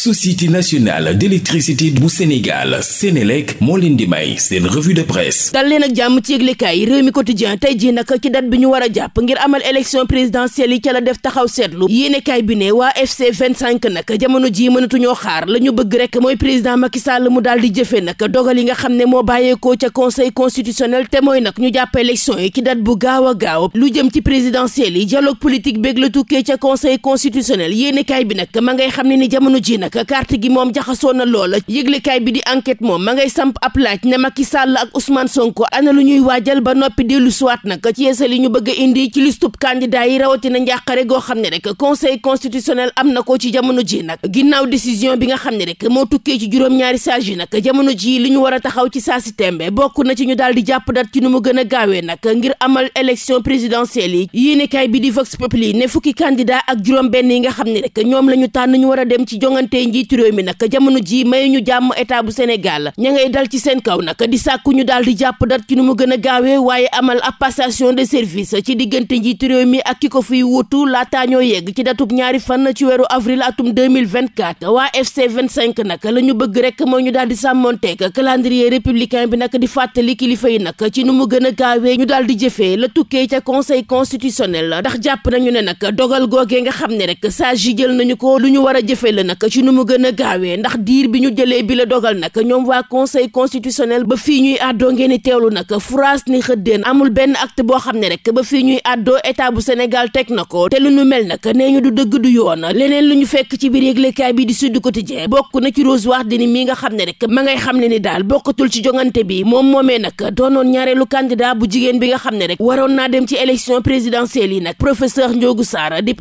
société nationale d'électricité bu Sénégal Sénélec moo leen di may seen revue de presse dal leen ak jàmm ci yëglekaay yi réew mi quotidien tey ji nag ci date bi ñu war a jàpp ngir amal élection présidentielle yi ca la def taxaw seetlu yéenekaay bi ne waa FC 25 nag jamono ji mënatuñoo xaar la ñu bëgg rek mooy président Macky Sall mu daal di jëfee nag dogal yi nga xam ne moo bàyyeekoo ca conseil constitutionnel te mooy nag ñu jàpp élection yi ci date bu gaaw gaaw lu jëm ci présidentielle yi dialogue politique beeg la tukkee ca conseil constitutionnel yéenekaay bi nag ma ngay xam ne ni jamono ji nag nag carte gi moom jaxasoo na loola yëglekaay bi di enquête moom ma ngay samp ab laaj ne Macky Sall ak usman Ousmane Sonko ana lu ñuy waajal ba noppi dellu suwaat nag ci yeesal yi ñu bëgg indi ci listub candidat yi rawatina njàqare goo xam ne rek conseil constitutionnel am na ko ci jamono ji nag ginnaaw décision bi nga xam ne rek moo tukkee ci juróom-ñaari yi nag jamono ji li ñu war a taxaw ci saa si tembe bokk na ci ñu daal di jàpp dat ci nu mu gën a gaawee nag ngir amal élection présidentielle yi yéenekaay bi di Vox Populi ne fukki candidat ak juróom benn yi nga xam ne rek ñoom la ñu tànn ñu war a dem ci jongante tey njiitu mi nag jamono ji may ñu jàmm état bu Sénégal ña ngay dal ci seen kaw nag di sàkku ñu daal di jàpp dat ci nu mu gën a gaawee waaye amal ab passation de service ci diggante njiitu réew mi ak ki ko fiy wutu laataa ñoo yegg ci datub ñaari fan ci weeru avril atum 2024 waa FC 25 nag la ñu bëgg rek mooy ñu daal di sàmmoon sàmmonteeg calendrier républicain bi nag di fàttali kilifa yi nag ci nu mu gën a gaawee ñu daal di jëfee la tukkee ca conseil constitutionnel ndax jàpp nañu ne nag dogal googee nga xam ne rek saa ji jël nañu ko lu ñu war a jëfee la nu mu gën a ndax diir bi ñu jëlee bi la dogal nag ñoom waa conseil constitutionnel ba fii ñuy àddoo ngeen di teewlu nag France ni xëddeen amul benn acte boo xam ne rek ba fii ñuy àddoo état bu Sénégal teg na ko te lu ñu mel nag nee ñu du dëgg du yoon leneen lu ñu fekk ci biir yëglekaay bi di Sud Quotidien bokk na ci Rose Wardini mi nga xam ne rek ma ngay xam ne ni daal bokkatul ci jongante bi moom moomee nag doonoon ñaareelu candidat bu jigéen bi nga xam ne rek waroon naa dem ci élection présidentielle yi nag professeur Ndiogou Sarr dip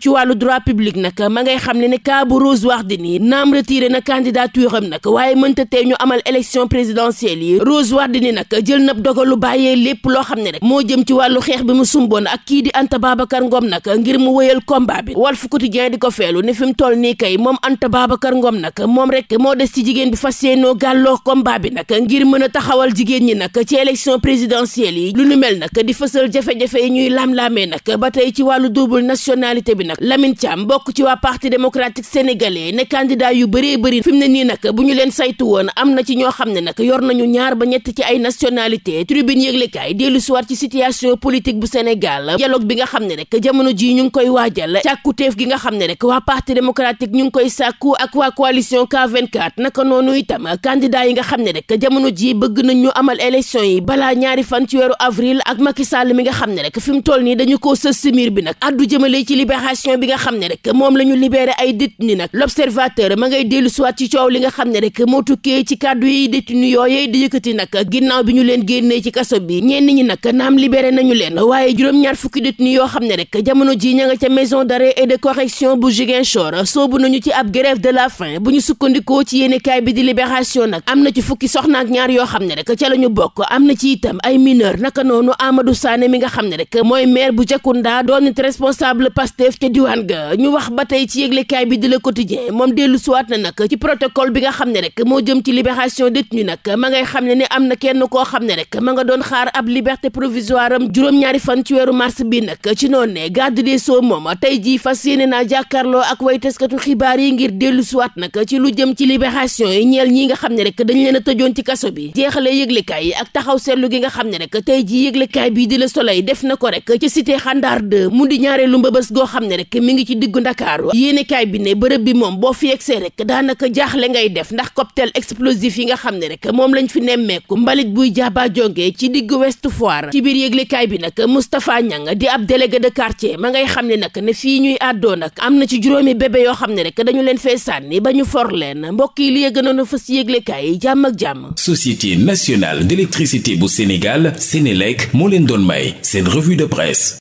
ci wàllu droit public nag bu Rose Wardini naam retiré na candidature am nag waaye mënta tee ñu amal élection présidentielle yi Rose Wardini nag jël na dogalu bàyyee lépp loo xam ne rek moo jëm ci wàllu xeex bi mu sumboon ak kii di Anta Babacar Ngom nag ngir mu wëyal combat bi Walf Quotidien di ko ne fi mu toll nii kay moom Anta Babacar nag moom rek moo des ci jigéen bi fas yéenoo gàlloo combat bi nag ngir mën a taxawal jigéen ñi nag ci élection présidentielle yi lu nu mel nag di fësal jafe-jafe yi ñuy laam-laamee nag ba tey ci wàllu double nationalité bi nag Lamine Thiam bokk ci waa parti démocratique sénégalais ne candidat yu bëree bëri fi mu ne nii nag bu ñu leen saytu woon am na ci ñoo xam ne nag yor nañu ñaar ba ñett ci ay nationalité tribune yëglekaay dellu soir ci situation politique bu Sénégal dialogue bi nga xam ne rek jamono jii ñu ngi koy waajal càkkuteef gi nga xam ne rek waa parti démocratique ñu ngi koy sàkku ak waa coalition K24 naka noonu itam candidat yi nga xam ne rek jamono jii bëgg nañ ñu amal élection yi balaa ñaari fan ci weeru avril ak Macky Sall mi nga xam ne rek fi mu toll nii dañu ko sës si miir bi nag addu jëmale ci libération bi nga xam ne rek moom la ñu libéré ay détenu yi nag l'observateur ma ngay dellu siwaat ci coow li nga xam ne rek moo tukkee ci kàddu yi détenu yooyee di yëkkati nag ginnaaw bi ñu leen génnee ci kaso bi ñenn ñi nag naam yoo xam ne rek jamono ji ña nga maison d'arrêt et de correction bu Ziguinchor soobu nañu ci ab grève de la faim bu ñu sukkandikoo ci yéenekaay bi di libération nag am na ci fukki soxna ñaar yoo xam ne rek ca la ñu bokk am na ci itam ay mineur naka noonu Amadou Sané mi nga xam ne rek mooy maire bu Jakunda doon it responsable Pastef ca diwaan ga ñu wax quotidien moom dellu siwaat na nag ci protocole bi nga xam ne rek moo jëm ci libération détenu nag ma ngay xam ne ne am na kenn koo xam ne rek ma nga doon xaar ab liberté provisoire am juróom-ñaari fan ci weeru bi nag ci noonu ne garde moom tey jii fas yéene naa jàkkaarloo ak way taskatu xibaar yi ngir dellu siwaat nag ci lu jëm ci libération yi ñeel ñi nga xam ne rek dañ leen a tëjoon ci kaso bi jeexalee yëglekaay yi ak taxaw seetlu gi nga xam ne rek tey jii yëglekaay bii di la Soleil def na ko rek ci cité Xandaar 2 mu di ñaareelu mbëbës goo xam ne rek mi ngi ci diggu Ndakaaru yéenekaay bi ne bërëb bi moom boo fi yegsee rek daanaka jaaxle ngay def ndax cocktail explosif yi nga xam ne rek moom lañ fi nemmeeku mbalit buy jaaba jonge ci digg Ouest Foire ci biir yëglekaay bi nag Moustapha ñang di ab délégué de quartier ma ngay xam ne nag ne fii ñuy àddoo nag am na ci juróomi bébé yoo xam ne rek dañu leen fee sànni ba ñu for leen mbokk yi li yëgënoon a fës yëglekaay yi jàmm ak jàmm. Société nationale d'électricité bu Sénégal Sénélec moo leen doon may seen revue de presse.